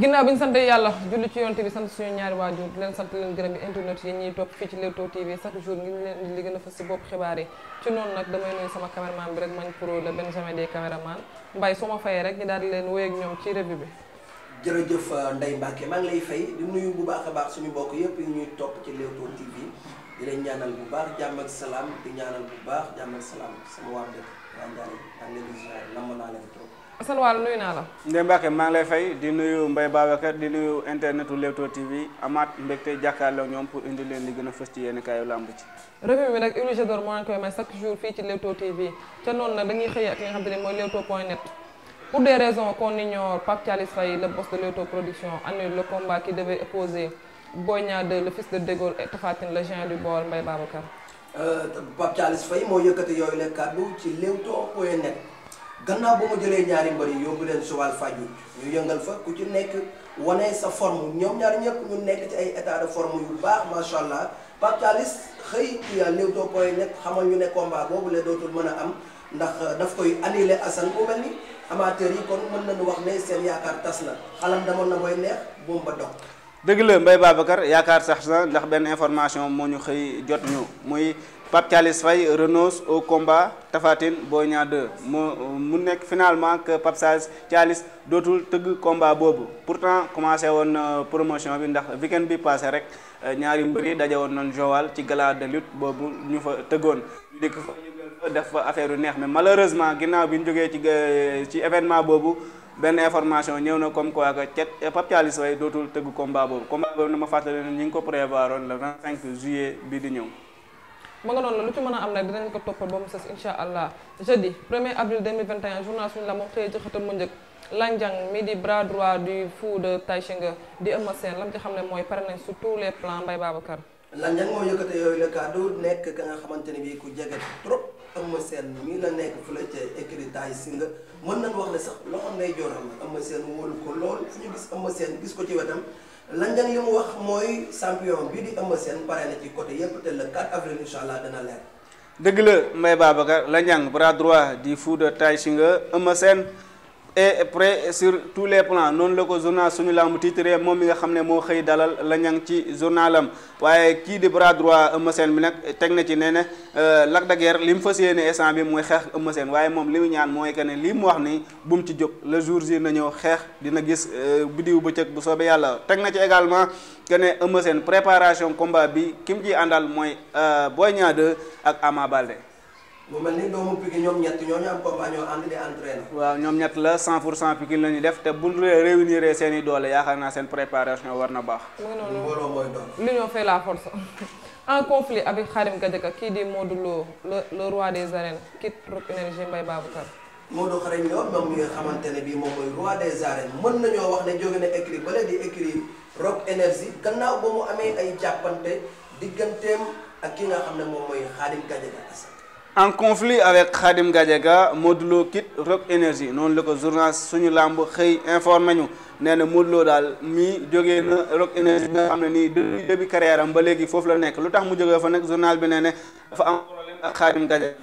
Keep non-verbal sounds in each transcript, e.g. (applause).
ginnaaw bi ñu sant yàlla julli ci yonte bi sant suñu ñaari waajur di leen sant leen gërëm yi internet yi ñuy topp fii ci Leewtoo TV chaque jour ngi leen li gën a fës si bopp xibaar yi ci noonu nag damay nuyu sama caméraman bi rek mañ ma fayee rek ñu daal di leen wéy ak ñoom ci revue bi jërëjëf euh, Ndeye maa ngi lay fay di nuyu bu baax a baax suñu bokk yépp ñuy topp ci Leewtoo TV di leen ñaanal bu baax jàmm salaam di ñaanal bu baax jàmm ak salaam sama waa dëkk waa Ndiaye maa ngi leen di naa leen trop Assane Walu nuyu naa la. Ndeye Mbacke maa ngi lay fay di nuyu Mbaye Babacar di nuyu internetu Leewtoo TV amaat mbégte jàkkaarloo ñoom pour indi leen li gën a fës ci yenn kaayu lamb ci. revue bi nag Ibrahima Jador moo leen koy may chaque jour fii ci Leewtoo TV te noonu nag dañuy xëy ak li nga xam te ne mooy Leewtoo point net. pour des raisons qu'on ignore Pape Thialis Faye le boss de Leewtoo production annule le combat qui devait opposer Boy Niang 2 le fils de Dégol et euh, ci Leewtoo gannaaw ba ma jëlee ñaari mbër yi bu leen Joal Fadiouth ñu yëngal fa ku ci nekk wane sa form ñoom ñaari ñëpp ñu nekk ci ay état de forme yu baax macha allah Pape Thialis xëy ci Leewtoo point net xamal ñu ne combat boobu la dootul mën a am ndax daf koy annulé Assane bu mel ni amateurs yi kon mën nañu wax ne seen yaakaar tas na xalam demoon na koy neex moom ba dox. dëgg la Mbaye Babacar yaakaar sax na ndax benn information moo ñu xëy jot ñu muy. Pape Thialis Faye renonce au combat Tafatine Boy Niang 2 mu mu nekk finalement que Pape Sage dootul tëgg combat boobu pourtant commencé woon euh, promotion bi ndax weekend bi passé rek euh, ñaari mbër yi daje woon nañ Joal ci gala de boobu ñu fa tëggoon dikk fa def fa affaire yu neex mais malheureusement ginnaaw bi ñu jógee ci euh, ci événement boobu benn information ñëw na comme quoi que cet Pape Thialis Faye dootul tëgg combat boobu combat boobu nu ma fàttali ne ñu ngi ko prévoir woon le 25 juillet di ñëw ma nga noonu la lu ci mën a am nag dinañ ko toppal ba mu sës incha allah jeudi 1er avril journal suñu la moom xëyee ci xëtam mu njëkk Lanjang mi di xam ne mooy pare nañ les plans Mbaye Babacar Lanjang moo yëkkate yooyu la kàddu nekk ka nga xamante ne bii ku jege trop Eumeu Sène mii la nekk fële ca écurie Tay Shinger mën nañ wax ne sax loxo ndeyjooram Eumeu Sène wóolu ko lool fu ñu gis Eumeu Sène gis ko ci wetam lanjan li mu wax mooy champion bi di Eumeu Sène pare na ci côté yëpp te le 4 avril incha dana leer. dëgg la Mbaye Babacar Landiang bras droit di Fouta Taïsinga Eumeu Sène. et prêt sur tout les plans noonu la ko journal suñu làmb titré moom mi nga xam ne moo xëy dalal la ñang ci journalam waaye kii di bras droit Eumeu Sène bi nag teg na ci nee na euh, Lac de Guiers li mu fas yéene instant bi mooy xeex Eumeu Sène waaye moom li mu ñaan mooy que ne lii mu wax ni bu mu ci jóg le jour ji na ñëw xeex dina gis euh, biddiw bëccëg bu soobee yàlla teg na ci également que ne Eumeu préparation combat bi ki mu ciy àndal mooy euh, Boy Niang 2 ak Ama mu mel ni doomu Pikine ñoom ñett ñoo ñu am combat ñoo ànd di entraîner. waaw ñoom ñett la 100 pour cent Pikine la ñu def te buñ réunir seen i doole yaakaar naa seen préparation war na baax. mbooloo mooy doon. l'union fait la force. (laughs) en conflit avec Khadim Gadiaga kii di Modou Lo le le roi des arènes quitte Rock Énergie Mbaye Babacar. Modou Xarañ Lo moom mi nga xamante ne bii moom mooy roi des arènes mën nañoo wax ne jóge na écurie bale di écurie Rock Énergie gannaaw ba mu amee ay jàppante digganteem ak ki nga xam ne moom mooy Khadim Gadiaga. en conflit avec Khadim Gadiaga Modou Lo quitte Rock Énergie noonu la ko journal suñu làmb xëy informé ñu nee na Modou daal mii jógee na Rock Énergie bi nga xam ne nii depuis début carrière am ba léegi foofu la nekk lu tax mu jógee fa nag journal bi nee ne dafa am problème ak Khadim Gadiaga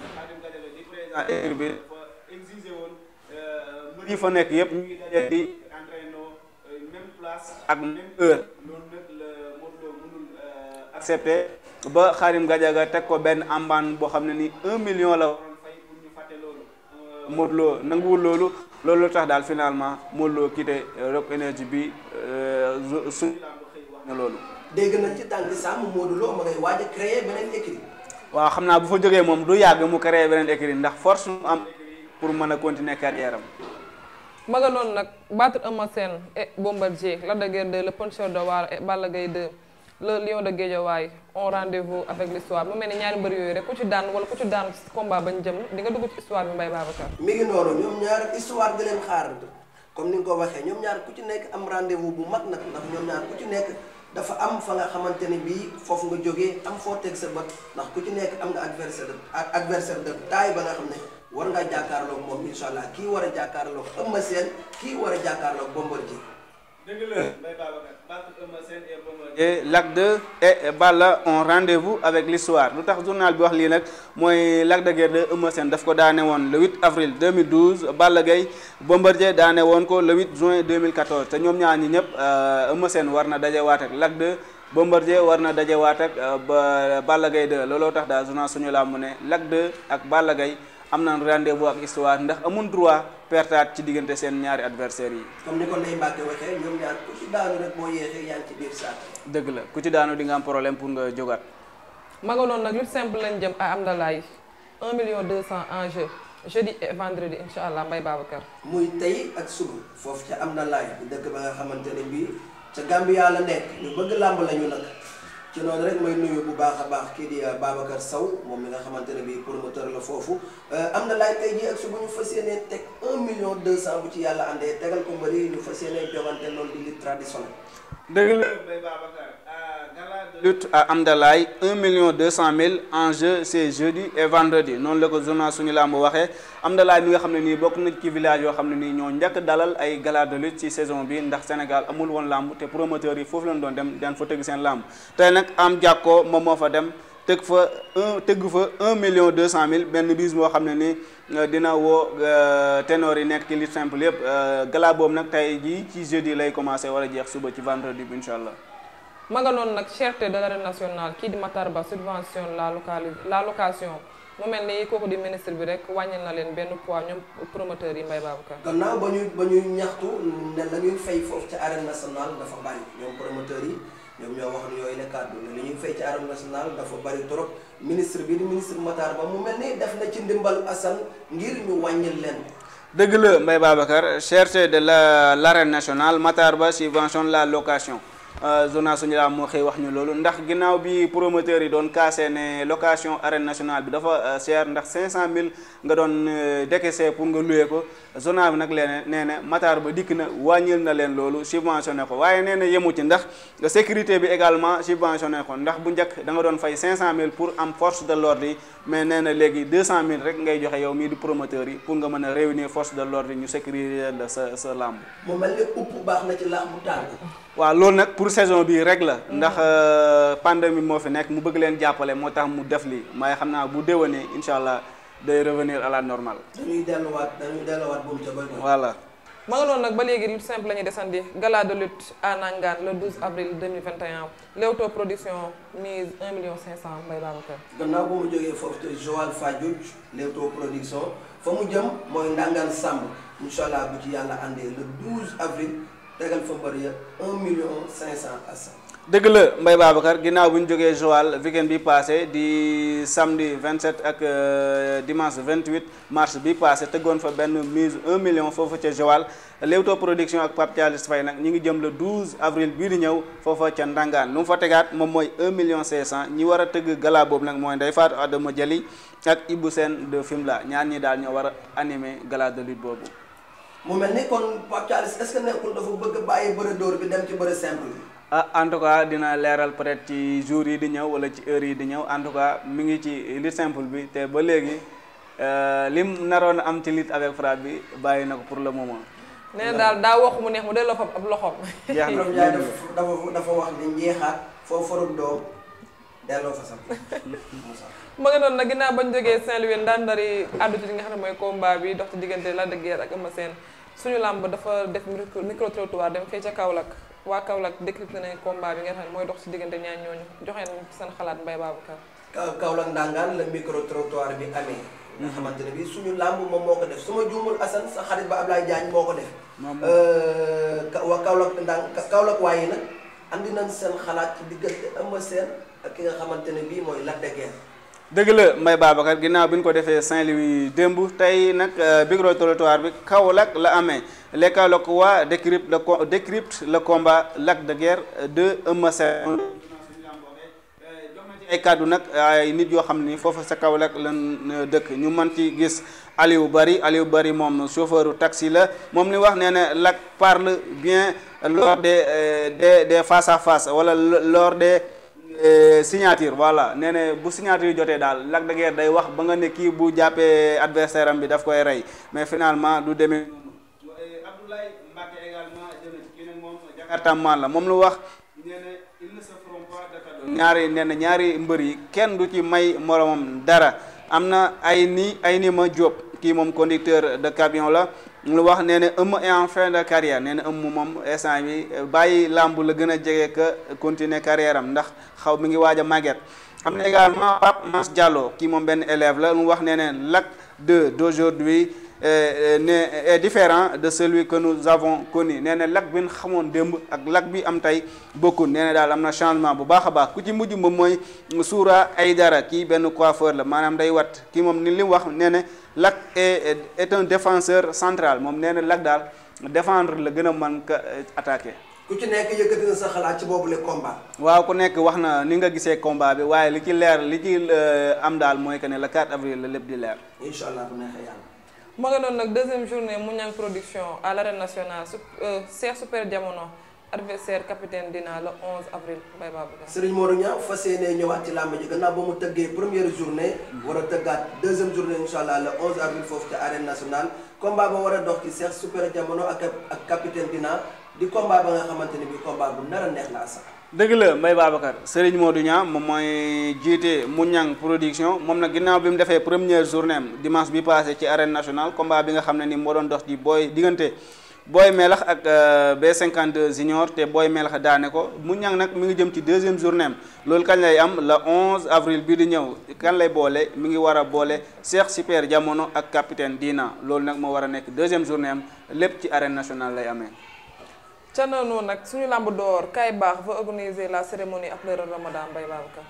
Khadim euh, fa nekk yëpp ñu ngi daje di entraîner même ak même heure ba Xaarim gaa teg ko benn ambaan boo xam ne ni un million la waroon fay ñu fàtte loolu euh, Modou Lo loolu loolu tax daal finalement Modou Lo quitté euh, Rock Énergie bi euh, suñu wax na loolu dégg nañ ci tànk sàmm Modou waaw xam naa bu fa jógee moom du yàgg mu créer beneen écrit ndax force mu am pour mën a continuer carrière am ma nga nag battre Eumeu Sène et Bombardier Lac de Guiers 2 le Puncheur de War et Balla Gaye 2 le Lion de on rendez-vous avec l'histoire mu mel ne ñaari mbër yooyu rek ku ci daan wala ku ci daan combat bañ jëm di nga dugg ci histoire bi Mbaye Babacar mi ngi noonu ñoom ñaar histoire di leen xaar comme ni nga ko waxee ñoom ñaar ku ci nekk am rendez-vous bu mag nag ndax ñoom ñaar ku ci nekk dafa am fa nga xamante ni bii foofu nga jógee am foo teg sa bët ndax ku ci nekk am nga adversaire ak adversaire de taille ba nga xam ne war ngaa jàkkaarloog moom incha allah kii war a jàkkaarloog Eumeu Sène kii war a jàkkaarloog Bombardier ji. dëgg et Lac 2 et Balla ont rendez-vous avec l'histoire lu tax journal bi wax lii nag mooy Lac de Guiers 2 Eumeu daf ko daane woon le 8 avril 2012 Balla Gaye Bombardier daane woon ko le 8 juin 2014 te ñoom ñaar ñi ñëpp euh, Eumeu Sène war na dajewaat ak Lac 2 Bombardier war na dajewaat ak euh, Balla Gaye 2 looloo tax daal journal suñu làmb mu ne Lac ak Balla Gaye am naan rendez-vous ak histoire ndax amun droit pertaat ci diggante seen ñaari adversaires yi. comme ni ko Ndeye Mbacke waxee ñoom ñaar ku ci daanu rek boo yéexee yaa ngi ci biir saako. dëgg la ku ci daanu di nga am problème pour nga jógaat. ma nga noonu nag lutte simple lañ jëm à na 1 million 200 en jeu jeudi e vendredi incha allah Mbaye Babacar. muy tey ak suba foofu ca Amdalaay dëkk ba nga xamante ne bii ca Gambia la nekk ñu bëgg làmb lañu nag. ci noonu rek may nuyu bu baax a baax kii di euh, Babacar Sow moom mi nga xamante ne bii promoteur la foofu euh, am na laaj tey jii ak su bu ñu fas yéenee teg 1 million 200 bu ci yàlla àndee tegal ko mbëri ñu fas yéenee jogante loolu di li traditionnel. dëgg lutte à Amdalaay 1 million 200 000 en jeu c'est jeudi et vendredi noonu la ko journal suñu làmb waxee am Amdalaay mi nga xam ne nii bokk na ci village yoo xam ne nii ñoo njëkk dalal ay gala de lutte ci saison bi ndax Sénégal amul woon làmb te promoteurs yi foofu lañ doon dem daan fa tëgg seen làmb tey nag am jàkkoo moom moo fa dem tëgg fa un tëgg fa un million deux cent mille benn bis moo xam ne ni euh, dina woo euh, ténor yi nekk ci lutte simple yëpp euh, gala boobu nag tey jii ci jeudi lay commencé war a jeex suba ci vendredi bi incha allah. ma nga noonu nag cherté de l'arène nationale kii di Matar Ba subvention la locali la location mu mel ni kooku di ministre bi rek wàññil na leen benn poids ñoom promoteurs yi Mbaye Babacar. ba ñu ba ñu ñaxtu ne la ñuy fay foofu ci arène nationale dafa bari ñoom promoteurs ñoo wax ne li ñuy fay ci arène nationale dafa bari trop bi di ministre Matar Ba mu mel ni def na ci ndimbal Assane ngir ñu wàññil leen. dëgg la Mbaye Babacar cherté de la l'arène nationale Matar Ba subvention la location. Euh, journal suñu laa moo xëy wax ñu loolu ndax ginnaaw bi promoteur yi doon kaasee ne location arène nationale bi dafa euh, cher ndax 500000 nga doon euh, décaissé pour nga loué ko journal bi nag leen nee na Matar Ba dikk na wàññil na leen loolu subventionné ko waaye nee na yemu ci ndax sécurité bi également subventionné ko ndax bu njëkk da nga doon fay 500000 pour am force de l'ordre yi mais nee na léegi mil rek ngay joxe yow mii di promoteur yi pour nga mën a réunir force de l'ordre yi ñu sécuriser sa sa làmb. mu mel baax na ci làmb waaw loolu nag pour saison bi rek la ndax mm. euh, pandémie moo fi nekk mu bëgg leen jàppale moo tax mu def li waaye xam naa bu déwénee incha allah day revenir à la normale. dañuy delluwaat dañuy delluwaat boobu ca bëri. voilà. ma nga noonu nag ba léegi lutte simple la ñuy desandi gala de lutte à Nangan le 12 avril 2021 Leewtoo production mise 1 million cent mbay Babacar. gannaaw bu mu jógee foofu te Joal Fadiouth Leewtoo production fa mu jëm mooy Nangan Samb incha allah bu yàlla tegal fa mbër ya un million cinq cent à cent dëgg la Mbaye Babacar ginnaaw bu ñu jógee Joal weekend bi passé di samedi 27 ak euh, dimanche 28 mars bi passé tëggoon fa benn mise 1 million foofa ca Joal Leewtoo production ak Pape Thialis Faye nag ñu ngi jëm le 12 avril bii di ñëw foofa ca Ndangaan lu mu fa tegaat moom mooy un million 500 ñi war a tëgg gala boobu nag mooy Ndeye Fatou Adama Jali ak Ibou Sène de Fimela ñaan ñi daal ñoo war a animer gala de lutte boobu. mu mel ni kon Pape Thialis est-ce que nekkul dafa bëgg a bàyyi bëre dóor bi dem ci bëri simple bi. ah en tout cas dina leeral peut-être ci jours yi di ñëw wala ci heure yi di ñëw en tout cas mi ngi ci lutte simple bi te ba léegi li euh, lim naroon am ci lutte avec frappe bi bàyyi na ko pour le moment. nee na daal daa wax mu neex mu delloo fab ab loxoom. jeex na dafa dafa wax ni njeexaat foo forom doo delloo fa sax. (laughs) ma nga noonu nag ginnaaw bañ jógee Saint-Louis ndaan dari àddu ci nga xam ne mooy combat bi dox diggante Lac de Guiers ak Eumeu suñu làmb dafa def micro trottoir dem fee ca Kaolack waa Kaolack décrypté nañ combat bi nga xam mooy dox si diggante ñaar ñooñu joxeen seen xalaat Mbaye Babacar Kaolack Ndangaan la micro trottoir bi amee nga xamante suñu làmb moom moo ko def su ma juumul Assane sa xarit ba Ablaye Diagne moo ko def euh, waa Kaolack ndaan Kaolack waaye nag andi nañ seen xalaat ci diggante Eumeu Sène ak ki nga xamante ne bii mooy Lac de Guiers dëgg la Mbaye Babacar ginnaaw bi ñu ko defee Saint-Louis démb tey nag euh, bureau territoire bi Kaolack la amee lekkalok waa décrypte le co la komba combat lac de guerre euh, de Eumeu Sène euh, ay nag ay nit yoo xam ni foofu sa Kaolack lan dëkk ñu mën ci gis Aliou Bari Aliou Bari moom chauffeur taxi la moom li wax nee na lac parle bien lors des des des face à face wala lors des Eh, signature voilà nee ne bu signature jotee daal Lac de day wax ba nga ne kii bu jàppee adversaire bi daf koy rey mais finalement du deme eh, Abdoulaye Mbacke la moom lu wax ñaari nee ñaari mbër yi kenn du ci may moromam dara am na ay ni ay ni ma Diop kii moom conducteur de camion la lu wax nee na ëmm est en fin de carrière nee na ëmm moom instant bi bàyyi làmb la gën a jege que continuer carrière ndax xaw mi ngi waaj a màgget am na également Pape Mas Diallo kii moom benn élève la mu wax ne ne de 2 d'aujourd'hui ne est différent de celui que nous avons connu nee na lak bi ñu xamoon démb ak lag bi am tey bokkul nee na daal am na changement bu baax a baax ku ci mujj moom mooy ay Aydara kii benn coiffeur la maanaam day wat kii moom ni li wax nee na lak est un défenseur central moom nee na lak daal défendre la gën a mën ka euh, attaquer. ku ci nekk yëkkati sa xalaat ci boobu le combat. waaw ku nekk wax na ni nga gisee combat bi waaye li ci leer li ci euh, am daal mooy que ne la 4 avril la lépp di leer. incha allah bu neexee yàlla. ma nag deuxième journée Mouniang production à l'arène nationale su euh, Cheikh Super Diamono adversaire capitaine dina le 11 avril Mbaye Babacar. Serigne Modou Niang fas yéenee ñëwaat ci làmb ji gannaaw ba mu tëggee première journée. war a tëggaat deuxième journée incha allah le 11 foofu ca arène nationale combat ba war a dox ci Cheikh Super Diamono ak ak di combat ba nga xamante bi combat bu nar neex la sax. dëgg la Mbaye Babacar Serigne Modou Niang moom mooy jiite Mouniang production moom na ginnaaw bi mu defee première journée am dimanche bi passé ci arène nationale combat bi nga xam ne ni moo doon dox di booy diggante booy melax ak euh, B52 junior te booy melax daane ko mu Mouniang nag mi ngi jëm ci deuxième journée am loolu kañ lay am la onze avril bii di ñëw kan lay boole mi ngi war a boole Cheikh Super Jamono ak capitaine Dina loolu nag moo war a nekk deuxième journée lépp ci arène nationale lay amee. ca noonu nag suñu làmb door kay baax va organiser la cérémonie après le Ramadan Mbaye Babacar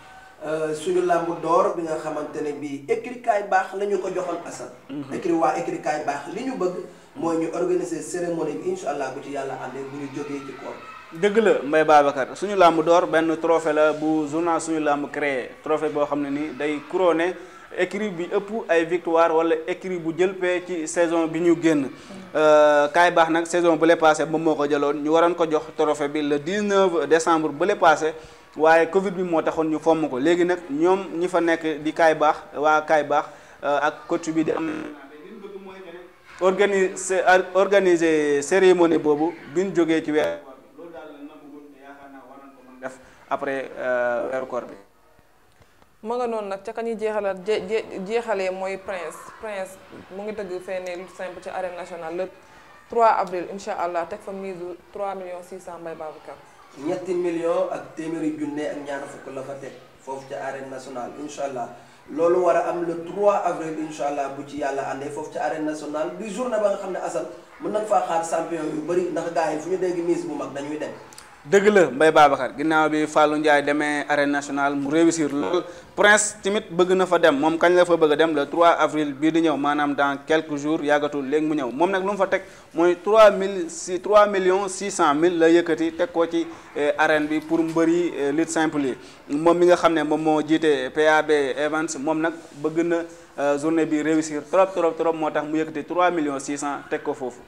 euh, suñu làmb door bi nga xamante ne bii écrit kaay baax la ñu ko joxoon asal mhm. écrit li ñu bëgg mooy ñu organiser cérémonie bi incha allah bu ci yàlla àndee bu ñu jógee ci koor dëgg la Mbaye Babacar suñu làmb door benn trophée la bu journal suñu làmb créé trophée boo xam ne nii day couronné écrit bi ëpp ay victoire wala écrit bu jël pee ci saison bi ñu génn Euh, kaay baax nag saison bu le passé moom moo ko jëloon ñu waroon ko jox trophée bi le 19 décembre bu le passé waaye Covid bi moo taxoon ñu fomm ko léegi nag ñoom ñi fa nekk di kaay baax waa kaay baax euh, ak coach bi di am. organiser organiser cérémonie boobu bi jógee ci weer. après euh, weeru koor bi. ma nga noonu nag ca ka ñuy jeexalal jeexalee mooy prince prince mu ngi tëgg fenn lu simple ci arène national le 3 avril incha allah teg fa mise 3 millions 600 mbay Babacar. ñetti millions ak téeméeri junne ak ñaar fukk la fa teg foofu ca arène national incha allah. loolu war a am le 3 avril incha allah bu ci yàlla àndee foofu ci arène national du journée ba nga xam ne asal mën nag faa xaar champion yu bëri ndax gars yi fu ñu dégg mise bu mag dañuy dem. dëgg la Mbaye Babacar ginnaaw bi Fallou Ndiaye demee arène nationale mu réussir lool Prince tamit bëgg na fa dem moom kañ la fa bëgg a dem le trois avril bii di ñëw maanaam dans quelques jours yàggatul léegi mu ñëw moom nag lu mu fa teg mooy 3 mille si 3 millions 600 mille la yëkkati teg ko ci eh, arène bi pour mbër yi eh, lutte simple yi moom mi nga xam ne moom moo jiite PAB Evans moom nag bëgg na eh, journée bi réussir trop trop trop moo tax mu yëkkati 3 millions 600 teg ko foofu.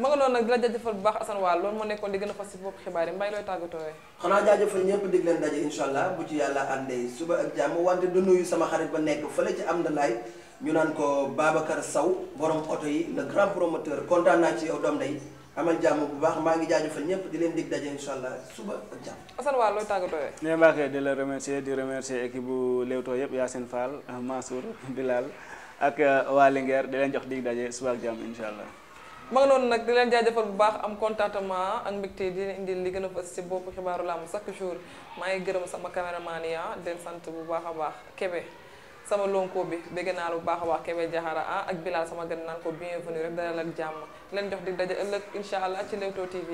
ma nga noonu nag di la jaajëfal bu baax Assane Wall loolu moo nekkoon di gën a fas si bopp xibaar yi mbay looy tàggatooyee xanaa jaajëfal ñëpp dig leen daje insha bu ci yàlla àndee suba ak jàmm wante du nuyu sama xarit ba nekk fële ci am na ñu naan ko Babacar saw borom oto yi le grand promoteur kontaan naa ci yow doom day amal jàmm bu baax maa ngi jaajëfal ñëpp di leen dig daje incha allah suba ak jàmm. Assane Wall looy tàggatoo ne Mbacke di la remercier di remercier équipe bu Leewtoo yëpp Yacine Fall Mansour Bilal ak waa Linguère di leen jox dig daje suba ak jàmm incha ma noonu nag di leen jaajëfal bu baax am contentement ak mbégte di leen indi li gën a fës ci boppu xibaaru làmb chaque jour maa ngi gërëm sama caméraman yi di sant bu baax a baax Kébé sama lonko bi bégg naa la bu baax a baax Kébé Diakhara ah ak Bilal sama gën naan ko bienvenue rek dalal ak jàmm leen jox di daje ëllëg incha allah ci Leewtoo TV.